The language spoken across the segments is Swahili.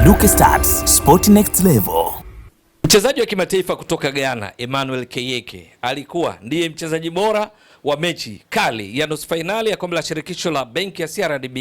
Baduke Stats, Sport Next Level. Mchezaji wa kimataifa kutoka Ghana, Emmanuel Keyeke alikuwa ndiye mchezaji bora wa mechi kali ya nusu fainali ya kombe la shirikisho la benki ya CRDB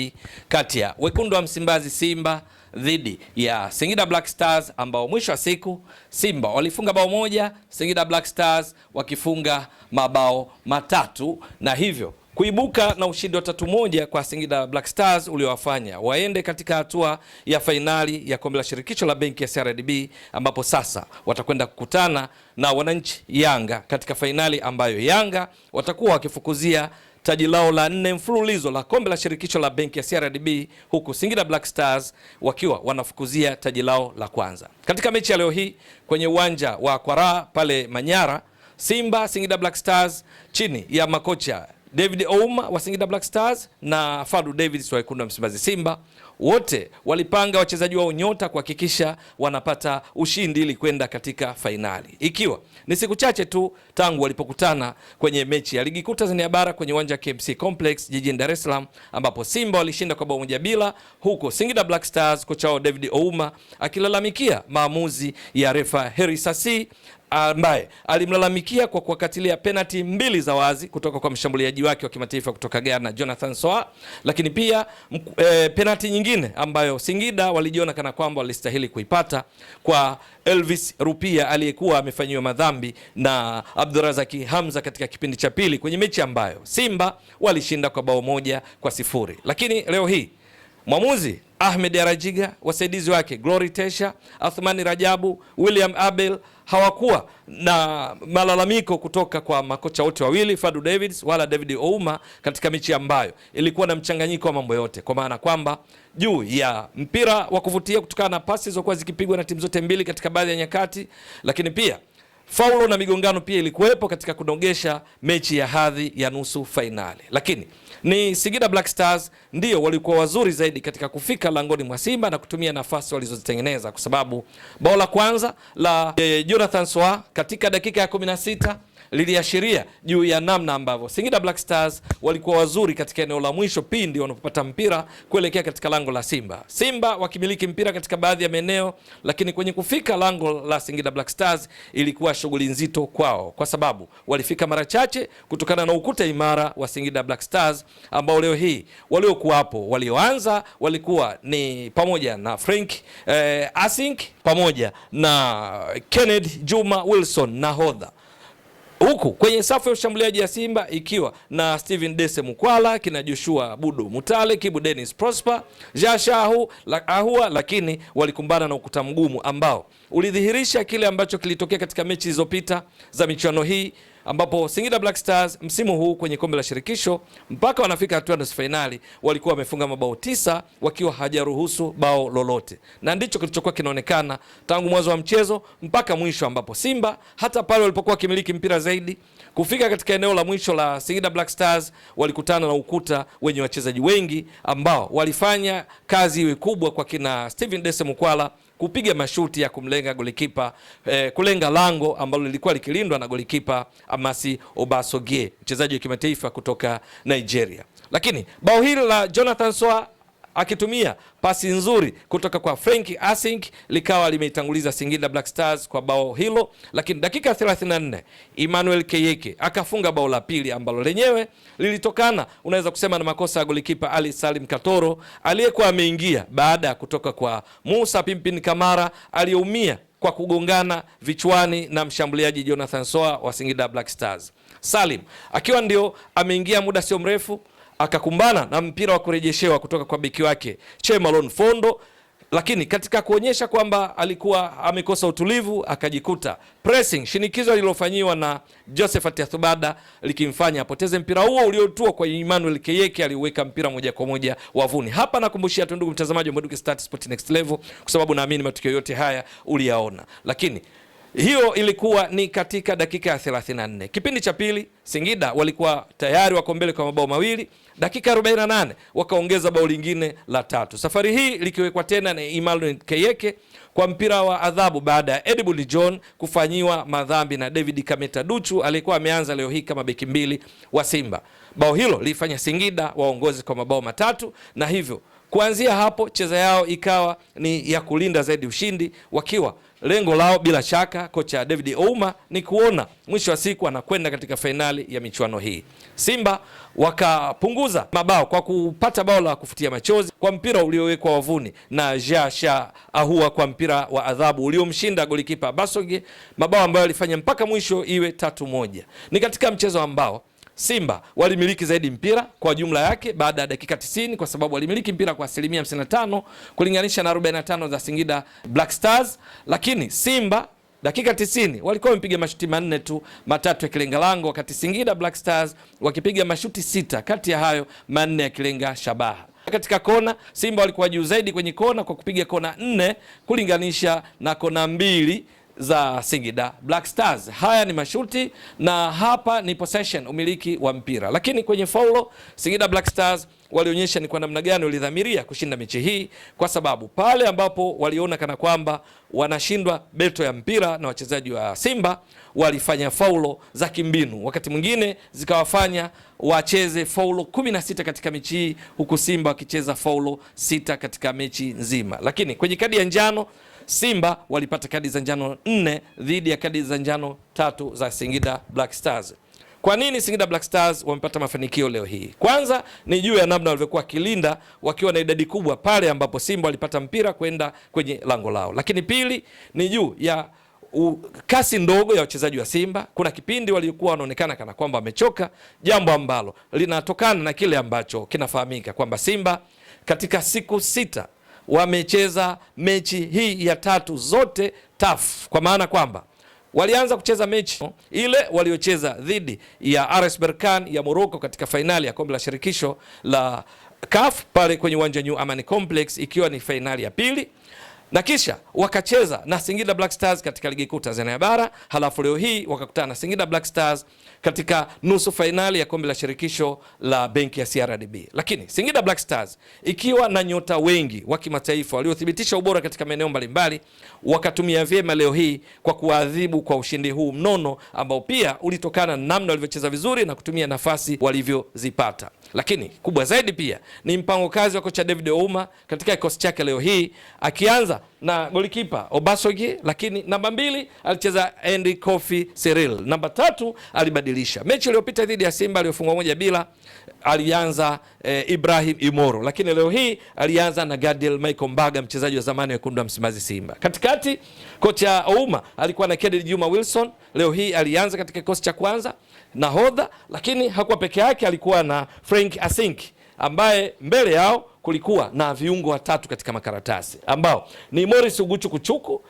kati ya wekundu wa Msimbazi Simba dhidi ya Singida Black Stars ambao mwisho wa siku Simba walifunga bao moja, Singida Black Stars wakifunga mabao matatu na hivyo kuibuka na ushindi wa tatu moja kwa Singida Black Stars uliowafanya waende katika hatua ya fainali ya kombe la shirikisho la benki ya CRDB ambapo sasa watakwenda kukutana na wananchi Yanga katika fainali ambayo Yanga watakuwa wakifukuzia taji lao la nne mfululizo la kombe la shirikisho la benki ya CRDB huku Singida Black Stars wakiwa wanafukuzia taji lao la kwanza. Katika mechi ya leo hii kwenye uwanja wa Kwaraa pale Manyara, Simba Singida Black Stars chini ya makocha David Ouma wa Singida Black Stars na Fadu David wa Wekundu wa Msimbazi Simba wote walipanga wachezaji wao nyota kuhakikisha wanapata ushindi ili kwenda katika fainali, ikiwa ni siku chache tu tangu walipokutana kwenye mechi ya Ligi Kuu Tanzania Bara kwenye uwanja wa KMC Complex jijini Dar es Salaam, ambapo Simba walishinda kwa bao moja bila, huko Singida Black Stars kocha wao David Ouma akilalamikia maamuzi ya refa Heri Sasi ambaye alimlalamikia kwa kuwakatilia penalti mbili za wazi kutoka kwa mshambuliaji wake wa kimataifa kutoka Ghana Jonathan Soa, lakini pia e, eh, penalti nyingine ambayo Singida walijiona kana kwamba walistahili kuipata kwa Elvis Rupia aliyekuwa amefanyiwa madhambi na Abdurazaki Hamza katika kipindi cha pili kwenye mechi ambayo Simba walishinda kwa bao moja kwa sifuri, lakini leo hii Mwamuzi Ahmed Arajiga, wasaidizi wake Glory Tesha, Athmani Rajabu, William Abel hawakuwa na malalamiko kutoka kwa makocha wote wawili Fadu Davids wala David Ouma katika mechi ambayo ilikuwa na mchanganyiko wa mambo yote, kwa maana kwamba juu ya mpira wa kuvutia kutokana na pasi zilizokuwa zikipigwa na timu zote mbili katika baadhi ya nyakati, lakini pia faulo na migongano pia ilikuwepo katika kunogesha mechi ya hadhi ya nusu fainali, lakini ni Singida Black Stars ndio walikuwa wazuri zaidi katika kufika langoni mwa Simba na kutumia nafasi walizozitengeneza, kwa sababu bao la kwanza la eh, Jonathan Swa katika dakika ya 16 liliashiria juu ya namna ambavyo Singida Black Stars walikuwa wazuri katika eneo la mwisho pindi wanapopata mpira kuelekea katika lango la Simba. Simba wakimiliki mpira katika baadhi ya maeneo, lakini kwenye kufika lango la Singida Black Stars ilikuwa shughuli nzito kwao, kwa sababu walifika mara chache kutokana na ukuta imara wa Singida Black Stars ambao leo hii waliokuwapo, walioanza walikuwa ni pamoja na Frank eh, Asink pamoja na Kennedy Juma Wilson nahodha Huku kwenye safu ya ushambuliaji ya Simba ikiwa na Steven Dese Mukwala, kina Joshua Budo Mutale, Kibu Dennis Prosper, Jasha Ahu, la, Ahua, lakini walikumbana na ukuta mgumu ambao ulidhihirisha kile ambacho kilitokea katika mechi zilizopita za michuano hii ambapo Singida Black Stars msimu huu kwenye kombe la shirikisho mpaka wanafika hatua nusu fainali walikuwa wamefunga mabao tisa wakiwa hajaruhusu bao lolote, na ndicho kilichokuwa kinaonekana tangu mwanzo wa mchezo mpaka mwisho, ambapo Simba hata pale walipokuwa wakimiliki mpira zaidi kufika katika eneo la mwisho la Singida Black Stars walikutana na ukuta wenye wachezaji wengi ambao walifanya kazi iwe kubwa kwa kina Steven Dese Mukwala kupiga mashuti ya kumlenga golikipa eh, kulenga lango ambalo lilikuwa likilindwa na golikipa Amasi Obasogie, mchezaji wa kimataifa kutoka Nigeria. Lakini bao hili la Jonathan Soa akitumia pasi nzuri kutoka kwa Frank Asink likawa limeitanguliza Singida Black Stars kwa bao hilo, lakini dakika 34 Emmanuel Keyeke akafunga bao la pili ambalo lenyewe lilitokana unaweza kusema na makosa ya golikipa Ali Salim Katoro aliyekuwa ameingia baada ya kutoka kwa Musa Pimpin Kamara aliyeumia kwa kugongana vichwani na mshambuliaji Jonathan Soa wa Singida Black Stars. Salim akiwa ndio ameingia muda sio mrefu akakumbana na mpira wa kurejeshewa kutoka kwa beki wake Chemalon Fondo, lakini katika kuonyesha kwamba alikuwa amekosa utulivu akajikuta pressing, shinikizo lililofanyiwa na Josephat Athubada likimfanya apoteze mpira huo uliotua kwa Emmanuel Keyeke, aliuweka mpira moja kwa moja wavuni. Hapa nakumbushia tu ndugu mtazamaji wa Mbwaduke Stats Sport Next Level, kwa sababu naamini matukio yote haya uliyaona, lakini hiyo ilikuwa ni katika dakika ya 34. Kipindi cha pili Singida walikuwa tayari wako mbele kwa mabao mawili. Dakika 48 wakaongeza bao lingine la tatu, safari hii likiwekwa tena na Emmanuel Keyeke kwa mpira wa adhabu baada ya Edmund John kufanyiwa madhambi na David Kameta Duchu aliyekuwa ameanza leo hii kama beki mbili wa Simba. Bao hilo lilifanya Singida waongoze kwa mabao matatu na hivyo kuanzia hapo cheza yao ikawa ni ya kulinda zaidi ushindi wakiwa lengo lao bila shaka kocha David Ouma ni kuona mwisho wa siku anakwenda katika fainali ya michuano hii. Simba wakapunguza mabao kwa kupata bao la kufutia machozi kwa mpira uliowekwa wavuni na Jasha Ahua kwa mpira wa adhabu uliomshinda golikipa Basoge, mabao ambayo alifanya mpaka mwisho iwe tatu moja. Ni katika mchezo ambao Simba walimiliki zaidi mpira kwa jumla yake baada ya dakika 90 kwa sababu walimiliki mpira kwa asilimia 55 kulinganisha na 45 za Singida Black Stars, lakini Simba dakika 90 walikuwa wamepiga mashuti manne tu, matatu ya kilenga lango, wakati Singida Black Stars wakipiga mashuti sita, kati ya hayo manne kilenga shabaha. Katika kona Simba walikuwa juu zaidi kwenye kona kwa kupiga kona nne kulinganisha na kona mbili za Singida Black Stars. Haya ni mashuti na hapa ni possession, umiliki wa mpira, lakini kwenye faulo Singida Black Stars walionyesha ni kwa namna gani walidhamiria kushinda mechi hii, kwa sababu pale ambapo waliona kana kwamba wanashindwa beto ya mpira na wachezaji wa Simba walifanya faulo za kimbinu, wakati mwingine zikawafanya wacheze faulo 16 katika mechi hii, huku Simba wakicheza faulo sita katika mechi nzima, lakini kwenye kadi ya njano Simba walipata kadi za njano nne dhidi ya kadi za njano tatu za Singida Black Stars. Kwa nini Singida Black Stars wamepata mafanikio leo hii? Kwanza ni juu ya namna walivyokuwa wakilinda wakiwa na idadi kubwa pale ambapo Simba walipata mpira kwenda kwenye lango lao, lakini pili ni juu ya U, kasi ndogo ya wachezaji wa Simba. Kuna kipindi walikuwa wanaonekana kana kwamba wamechoka, jambo ambalo linatokana na kile ambacho kinafahamika kwamba Simba katika siku sita wamecheza mechi hii ya tatu zote taf kwa maana kwamba walianza kucheza mechi ile waliocheza dhidi ya RS Berkane ya Morocco katika fainali ya kombe la shirikisho la CAF pale kwenye uwanja New Amani Complex, ikiwa ni fainali ya pili na kisha wakacheza na Singida Black Stars katika ligi kuu Tanzania bara, halafu leo hii wakakutana na Singida Black Stars katika nusu fainali ya kombe la shirikisho la benki ya CRDB. Lakini Singida Black Stars ikiwa na nyota wengi wa kimataifa waliothibitisha ubora katika maeneo mbalimbali, wakatumia vyema leo hii kwa kuwaadhibu kwa ushindi huu mnono ambao pia ulitokana na namna walivyocheza vizuri na kutumia nafasi walivyozipata. Lakini kubwa zaidi pia ni mpango kazi wa kocha David Ouma katika kikosi chake leo hii, akianza na golikipa Obasogi, lakini namba mbili alicheza Andy Kofi Cyril, namba tatu alibadilisha. Mechi iliyopita dhidi ya Simba aliyofungwa moja bila alianza e, Ibrahim Imoro, lakini leo hii alianza na Gadiel Michael Mbaga, mchezaji wa zamani wa wa Msimbazi Simba. Katikati kocha Ouma alikuwa na Kennedy Juma Wilson, leo hii alianza katika kikosi cha kwanza nahodha, lakini hakuwa peke yake, alikuwa na Frank Asink ambaye mbele yao kulikuwa na viungo watatu katika makaratasi ambao ni Morris Uguchu Kuchuku.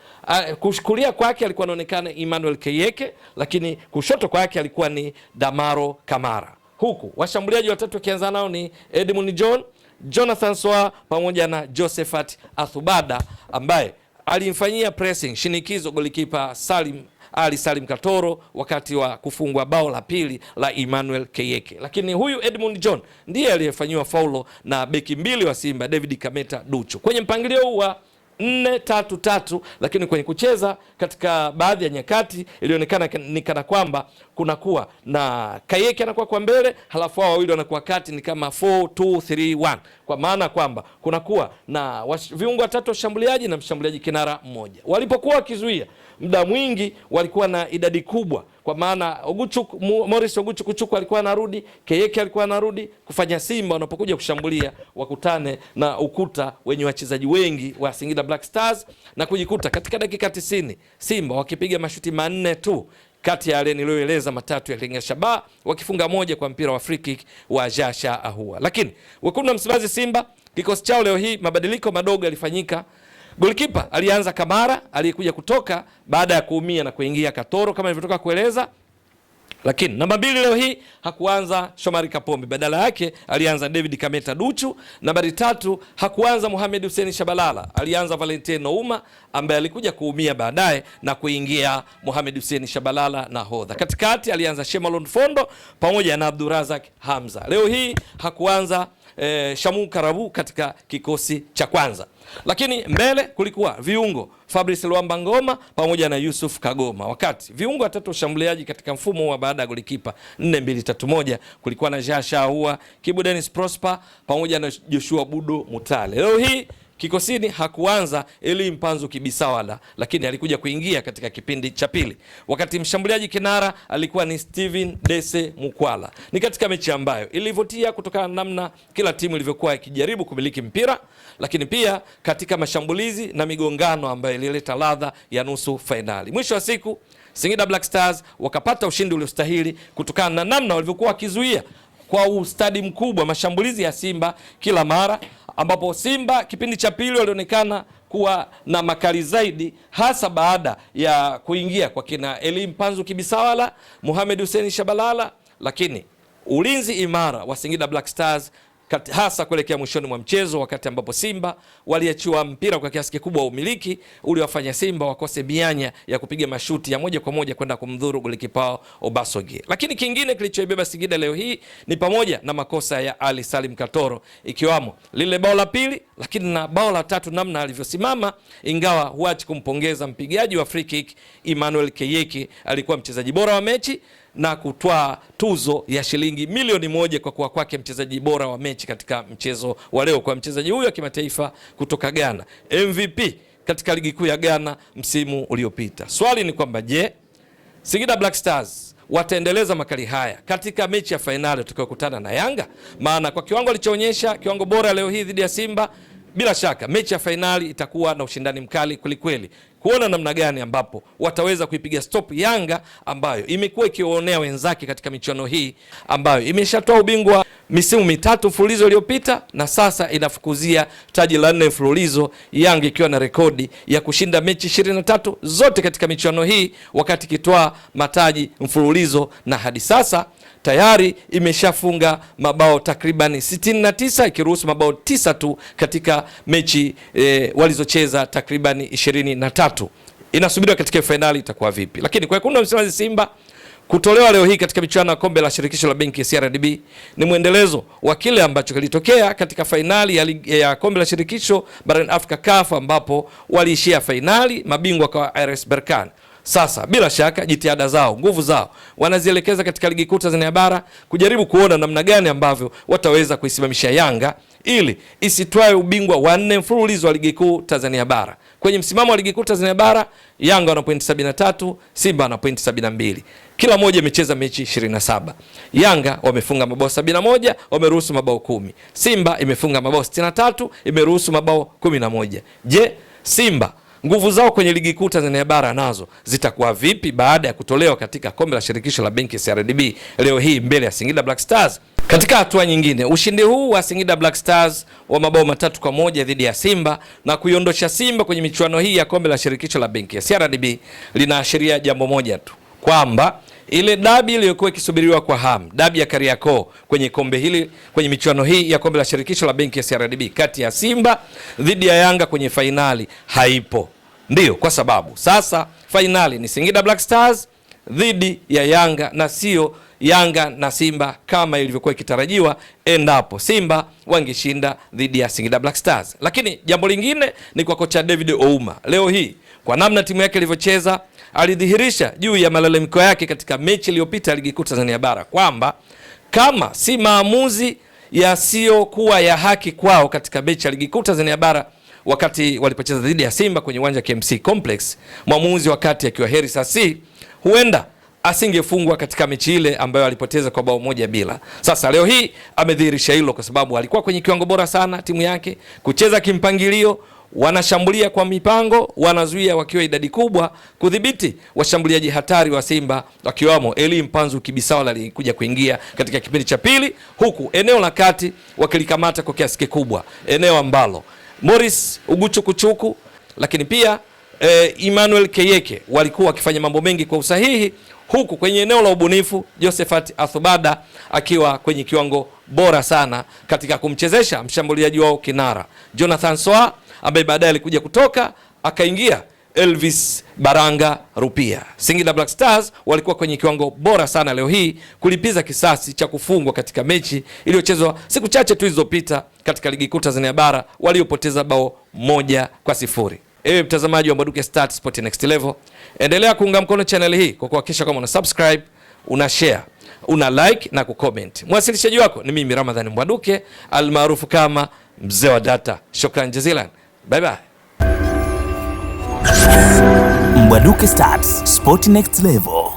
Kushukulia kwake alikuwa anaonekana Emmanuel Keyeke, lakini kushoto kwake alikuwa ni Damaro Kamara, huku washambuliaji watatu wakianza nao ni Edmund John, Jonathan Swa pamoja na Josephat Athubada ambaye alimfanyia pressing shinikizo golikipa Salim ali Salim Katoro wakati wa kufungwa bao la pili la Emmanuel Keyeke, lakini huyu Edmund John ndiye aliyefanyiwa faulo na beki mbili wa Simba David Kameta Ducho kwenye mpangilio huu wa nne tatu tatu, lakini kwenye kucheza katika baadhi ya nyakati ilionekana ni kana kwamba kunakuwa na Kayeki anakuwa kwa mbele, halafu hao wawili wanakuwa kati, ni kama 4 2 3 kwa maana kwamba kunakuwa na viungo watatu washambuliaji na mshambuliaji kinara mmoja. Walipokuwa wakizuia muda mwingi walikuwa na idadi kubwa kwa maana Oguchuku, Morris Oguchukuchuku alikuwa anarudi, Keyeke alikuwa anarudi kufanya Simba wanapokuja kushambulia wakutane na ukuta wenye wachezaji wengi wa Singida Black Stars na kujikuta katika dakika 90 Simba wakipiga mashuti manne tu kati ya yale niliyoeleza matatu ya Shabaha wakifunga moja kwa mpira wa free kick wa Jasha Ahua. Lakini wekundu wa Msimbazi Simba kikosi chao leo hii mabadiliko madogo yalifanyika. Golikipa alianza Kamara aliyekuja kutoka baada ya kuumia na kuingia Katoro kama ilivyotoka kueleza. Lakini namba mbili leo hii hakuanza Shomari Kapombe, badala yake alianza David Kameta Duchu. Nambari tatu hakuanza muhamed Hussein Shabalala, alianza Valentino Nouma ambaye alikuja kuumia baadaye na kuingia muhamed Hussein Shabalala na hodha Katikati alianza Shemalon Fondo pamoja na Abdurazak Hamza. Leo hii hakuanza e, Shamu Karabu katika kikosi cha kwanza, lakini mbele kulikuwa viungo Fabrice Luamba Ngoma pamoja na Yusuf Kagoma, wakati viungo watatu washambuliaji katika mfumo wa baada ya golikipa 4231 kulikuwa na Jasha Hua, Kibu Dennis Prosper pamoja na Joshua Budo Mutale. Leo hii Kikosini hakuanza ili Mpanzu Kibisawala, lakini alikuja kuingia katika kipindi cha pili, wakati mshambuliaji kinara alikuwa ni Steven Dese Mukwala. Ni katika mechi ambayo ilivutia kutokana na namna kila timu ilivyokuwa ikijaribu kumiliki mpira, lakini pia katika mashambulizi na migongano ambayo ilileta ladha ya nusu fainali. Mwisho wa siku Singida Black Stars wakapata ushindi uliostahili kutokana na namna walivyokuwa wakizuia kwa ustadi mkubwa mashambulizi ya Simba kila mara, ambapo Simba kipindi cha pili walionekana kuwa na makali zaidi, hasa baada ya kuingia kwa kina Eli Mpanzu Kibisawala, muhamed Hussein Shabalala, lakini ulinzi imara wa Singida Black Stars hasa kuelekea mwishoni mwa mchezo, wakati ambapo Simba waliachiwa mpira kwa kiasi kikubwa wa umiliki uliwafanya Simba wakose mianya ya kupiga mashuti ya moja kwa moja kwenda kumdhuru golikipa Obasogi. Lakini kingine kilichoibeba Singida leo hii ni pamoja na makosa ya Ali Salim Katoro, ikiwamo lile bao la pili, lakini na bao la tatu, namna alivyosimama, ingawa huachi kumpongeza mpigaji wa free kick Emmanuel Keyeki, alikuwa mchezaji bora wa mechi na kutwaa tuzo ya shilingi milioni moja kwa kuwa kwake mchezaji bora wa mechi katika mchezo wa leo kwa mchezaji huyo wa kimataifa kutoka Ghana, MVP katika ligi kuu ya Ghana msimu uliopita. Swali ni kwamba je, Singida Black Stars wataendeleza makali haya katika mechi ya fainali tutakayokutana na Yanga? Maana kwa kiwango alichoonyesha, kiwango bora leo hii dhidi ya Simba, bila shaka mechi ya fainali itakuwa na ushindani mkali kwelikweli kuona namna gani ambapo wataweza kuipiga stop Yanga ambayo imekuwa ikiwaonea wenzake katika michuano hii ambayo imeshatoa ubingwa misimu mitatu mfululizo iliyopita na sasa inafukuzia taji la nne mfululizo, Yanga ikiwa na rekodi ya kushinda mechi 23 zote katika michuano hii wakati ikitoa mataji mfululizo na hadi sasa tayari imeshafunga mabao takribani 69 ikiruhusu mabao tisa tu katika mechi e, walizocheza takribani 23. Inasubiriwa katika fainali itakuwa vipi, lakini kwa kundi la Msimbazi Simba kutolewa leo hii katika michuano ya kombe la shirikisho la benki ya CRDB ni mwendelezo wa kile ambacho kilitokea katika fainali ya, ya kombe la shirikisho barani Afrika CAF ambapo waliishia fainali mabingwa kwa RS Berkane. Sasa bila shaka jitihada zao, nguvu zao wanazielekeza katika ligi kuu Tanzania bara kujaribu kuona namna gani ambavyo wataweza kuisimamisha Yanga ili isitwae ubingwa wa nne mfululizo wa ligi kuu Tanzania bara. Kwenye msimamo wa ligi kuu Tanzania bara, Yanga wana pointi 73, Simba wana pointi 72. Kila moja imecheza mechi 27. Yanga wamefunga mabao 71, wameruhusu mabao kumi. Simba imefunga mabao 63, imeruhusu mabao 11. Je, Simba nguvu zao kwenye ligi kuu Tanzania bara nazo zitakuwa vipi baada ya kutolewa katika kombe la shirikisho la benki CRDB leo hii mbele ya Singida Black Stars. Katika hatua nyingine, ushindi huu wa Singida Black Stars wa mabao matatu kwa moja dhidi ya Simba na kuiondosha Simba kwenye michuano hii ya kombe la shirikisho la benki ya CRDB linaashiria jambo moja tu kwamba ile dabi iliyokuwa ikisubiriwa kwa hamu, dabi ya Kariakoo kwenye kombe hili, kwenye michuano hii ya kombe la shirikisho la benki ya CRDB kati ya Simba dhidi ya Yanga kwenye fainali haipo. Ndiyo, kwa sababu sasa fainali ni Singida Black Stars dhidi ya Yanga na sio Yanga na Simba kama ilivyokuwa ikitarajiwa endapo Simba wangeshinda dhidi ya Singida Black Stars. Lakini jambo lingine ni kwa kocha David Ouma, leo hii kwa namna timu yake ilivyocheza alidhihirisha juu ya malalamiko yake katika mechi iliyopita ligi kuu Tanzania bara kwamba kama si maamuzi yasiyokuwa ya haki kwao katika mechi ya ligi kuu Tanzania bara wakati walipocheza dhidi ya Simba kwenye uwanja KMC Complex, mwamuzi wakati akiwa Heri Sasi huenda asingefungwa katika mechi ile ambayo alipoteza kwa bao moja bila. Sasa leo hii amedhihirisha hilo, kwa sababu alikuwa kwenye kiwango bora sana, timu yake kucheza kimpangilio wanashambulia kwa mipango, wanazuia wakiwa idadi kubwa, kudhibiti washambuliaji hatari wa Simba wakiwamo Eli Mpanzu Kibisawa alikuja kuingia katika kipindi cha pili, huku eneo la kati wakilikamata kwa kiasi kikubwa, eneo ambalo Morris Kuchuku, lakini pia eh, Emmanuel Keyeke walikuwa wakifanya mambo mengi kwa usahihi, huku kwenye eneo la ubunifu Josephat Athubada akiwa kwenye kiwango bora sana katika kumchezesha mshambuliaji wao kinara Jonathan Soa ambaye baadaye alikuja kutoka akaingia Elvis Baranga Rupia. Singida Black Stars walikuwa kwenye kiwango bora sana leo hii kulipiza kisasi cha kufungwa katika mechi iliyochezwa siku chache tu zilizopita katika ligi kuu Tanzania bara waliopoteza bao moja kwa sifuri. Ewe mtazamaji wa Mbwaduke Stats Sport Next Level, endelea kuunga mkono channel hii kwa kuhakikisha kwamba una subscribe, una share, una like na kucomment. Mwasilishaji wako ni mimi Ramadhani Mbwaduke almaarufu kama mzee wa data. Shukran jazilan. Bye bye. Mbwaduke Stats, Sport Next Level.